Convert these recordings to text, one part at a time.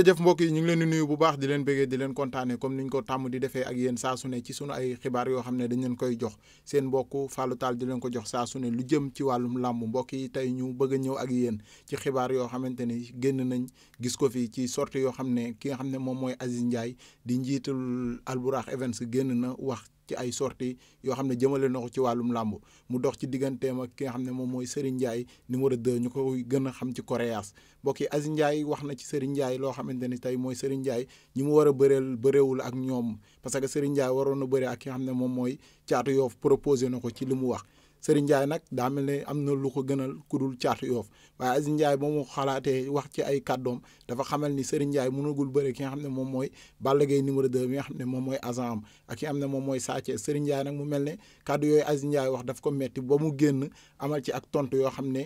jërëjëf mbokk yi ñu ngi leen di nuyu bu baax di leen bëggee di leen kontaane comme ni ñu ko tàmm di defee ak yéen saa su ne ci sunu ay xibaar yoo xam ne dañ leen koy jox seen mbokk Fallou taal di leen ko jox saa su ne lu jëm ci wàllum làmb mbokk yi tey ñu bëgg ñëw ak yéen ci xibaar yoo xamante ne génn nañ gis ko fii ci sorti yoo xam ne ki nga xam ne moom mooy Aziz Ndiaye di njiitul Albourakh Events génn na wax ci ay sorties yoo xam ne jëmale na ko ci wàllum làmb mu dox ci digganteem ak ki xam ne moom mooy Serigne Ndiaye a 2 ñu ko gën a xam ci Coréas mbokk yi Aziz Ndiaye wax na ci Serigne Ndiaye loo xamante ni tey mooy Serigne Ndiaye ñi mu war a bëreel bëreewul ak ñoom parce que Serigne waroon na bëre ak ki xam ne moom mooy caatu Yoff proposé na ko ci li mu wax Serigne Ndiaye nag daa mel ne am na lu ko gënal ku dul caatu yoof waaye Aziz Ndiaye ba mu xalaatee wax ci ay kàddoom dafa xamal ni Serigne Ndiaye mënagul bëre ki nga xam ne moom mooy Balla Gaye numéro 2 bi nga xam ne moom mooy agent am ak i am xam ne moom mooy Sa Thiès Serigne nag mu mel ne kàddu yooyu Aziz Ndiaye wax daf ko metti ba mu génn amal ci ak tontu yoo xam ne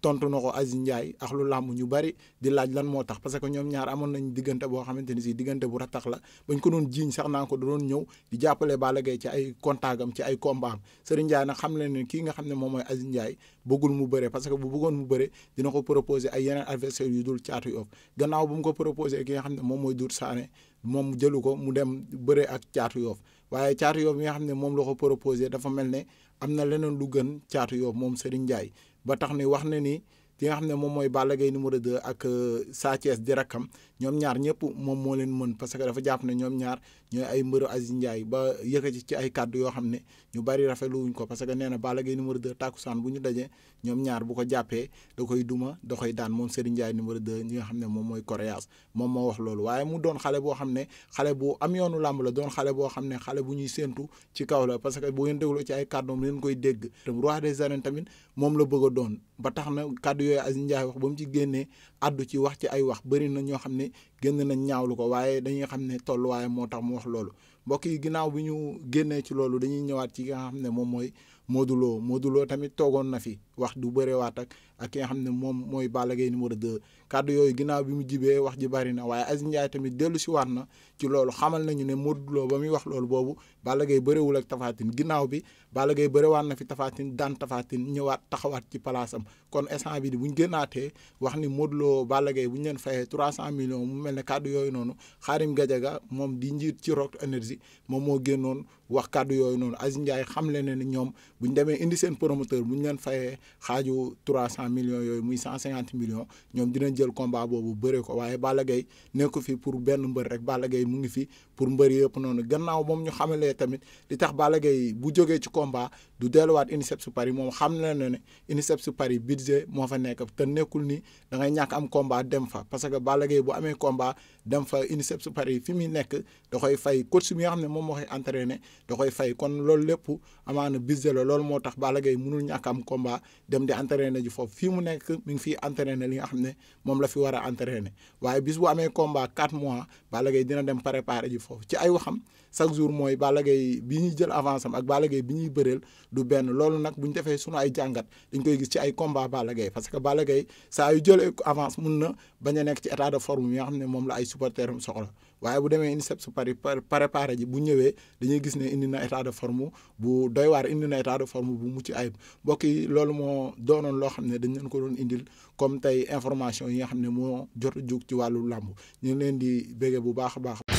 tontu na ko Aziz Ndiaye ak lu làmb ñu bari di laaj lan moo tax parce que ñoom ñaar amoon nañ diggante boo xamante ni si diggante bu ratax la bañ ko doon jiiñ sax naa ko doon ñëw di jàppale Balla Gaye ci ay contactam ci ay combat am Serigne Ndiaye xam leen ne kii nga xam ne moom mooy Aziz Ndiaye bëggul mu bëre parce que bu bëggoon mu bëre dina ko proposer ay yeneen adversaires dul caatu Yoff gannaaw bu mu ko proposer ki nga xam ne moom mooy Dour Sané moom jëlu ko mu dem bëre ak caatu Yoff waaye caatu Yoff yi nga xam ne moom loo ko proposer dafa mel ne am na leneen lu gën caatu Yoff moom Serigne Ndiaye ba tax ni wax na ni ki nga xam ne moom mooy Balla Gaye numéro 2 ak euh, Sa di rakkam ñoom ñaar ñëpp moom moo leen mën parce que dafa jàpp na ñoom ñaar ñooy ay mbëru Aziz Ndiaye ba yëkkati ci ay kàddu yoo xam ne ñu bari rafetlu ko parce que nee na Balla Gaye numéro 2 tàkkusaan bu ñu dajee ñoom ñaar bu ko jàppee da koy duma da koy daan moom Serigne Ndiaye numéro 2 ñi nga xam ne moom mooy Coréas moom moo wax loolu waaye mu doon xale boo xam ne xale bu am yoonu làmb la doon xale boo xam ne xale bu ñuy séentu ci kaw parce que boo ngeen dégloo ci ay kàddu leen koy dégg roi des arènes tamit moom la bëgg doon yooyu Aziz wax ba mu ci génnee addu ci wax ci ay wax bëri na ñoo xam ne génn nañ ñaawlu ko waaye dañuy xam ne tollu waaye moo tax mu wax loolu mbokk yi ginnaaw bi ñu génnee ci loolu dañuy ñëwaat ci ki nga xam ne moom mooy Modou Lo Modou Lo tamit toogoon na fi wax du bëreewaat ak ak ki xam ne moom mooy Balla Gaye numéro 2 kàddu yooyu ginnaaw bi mu jibee wax ji bari na waaye Aziz Ndiaye tamit dellu si waat na ci loolu xamal nañu ne Modou ba muy wax loolu boobu Balla Gaye ak Tapha ginnaaw bi Balla Gaye bëreewaat na fi Tapha Tine daan Tapha ñëwaat taxawaat ci palaasam kon instant bi di bu ñu génnaatee wax ni Modou Lo Balla bu ñu leen fayee 300 millions mel ne kàddu yooyu noonu Xaarim Gajaga moom di njiit ci Rock Énergie moom moo génnoon wax kàddu yooyu noonu Aziz Ndiaye xam le ne ni ñoom bu ñu demee indi seen promoteur bu ñu leen fayee xaaju trois cent millions yooyu muy cent cinquante millions ñoom dinañ jël combat boobu bëree ko waaye Balla Gaye nekku fi pour benn mbër rek Balla Gaye mu ngi fi pour mbër yëpp noonu gannaaw moom ñu xamalee tamit li tax balagay bu jógee ci combat du delluwaat INSEP su Paris moom xam na ne ne INSEP su Paris budget moo fa nekk te nekkul nii dangay ñàkk am komba dem fa parce que Balla Gaye bu amee combat dem fa INSEP su Paris fi muy nekk da koy fay coach bi nga xam ne moom moo koy entraîné da koy fay kon loolu lépp amaana budget la loolu moo tax Balla Gaye mënul ñàkk am combat dem di entraîné ji foofu fii mu nekk mi ngi fiy entraîné li nga xam ne moom la fi war a entraîné waaye bis bu amee combat 4 mois Balla dina dem préparer ji foofu ci ay waxam. chaque jour mooy Balla bi ñuy jël avance ak Balla Gaye bi ñuy bëreel du benn loolu nag bu ñu defee sunu ay jàngat dañ koy gis ci ay combat Balla parce que Balla Gaye saa yu jël avance mun na bañ a nekk ci état de forme yi nga xam ne moom la ay supporters am soxla waaye bu demee INSEP su pari préparé ji bu ñëwee dañuy gis ne indi na état de forme bu doy waar indi na état bu mucc ayib mbokk yi loolu moo doonoon loo xam ne dañ leen ko doon indil comme tey information yi nga xam ne moo jot a jóg ci wàllu làmb ñu ngi leen di bége bu baax a baax.